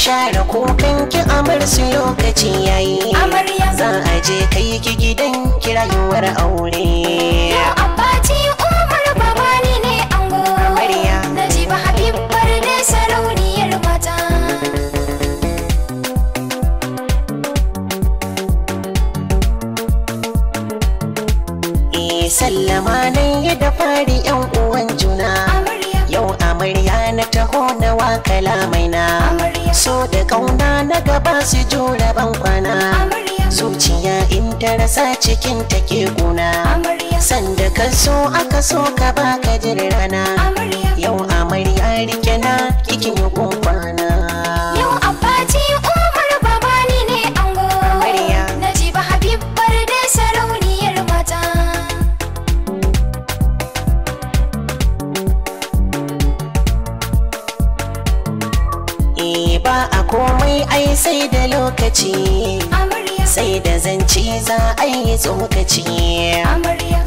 share kukan ki amar lokaci yayi amarya za a je kai ki gidan kirayuwar aure abati umar babani ne ango sarauniyar mata e, sallama nan ya da fari yan uwan juna yau amarya na taho na wakala mai na so da kauna na gaba su jona ban kwana zuciya in ta rasa cikin ta ke kuna sanda ka so aka so ka baka jin rana yau amarya rike na kikin hukunku komai ai sai da lokaci sai da zanci za a yi tsokaci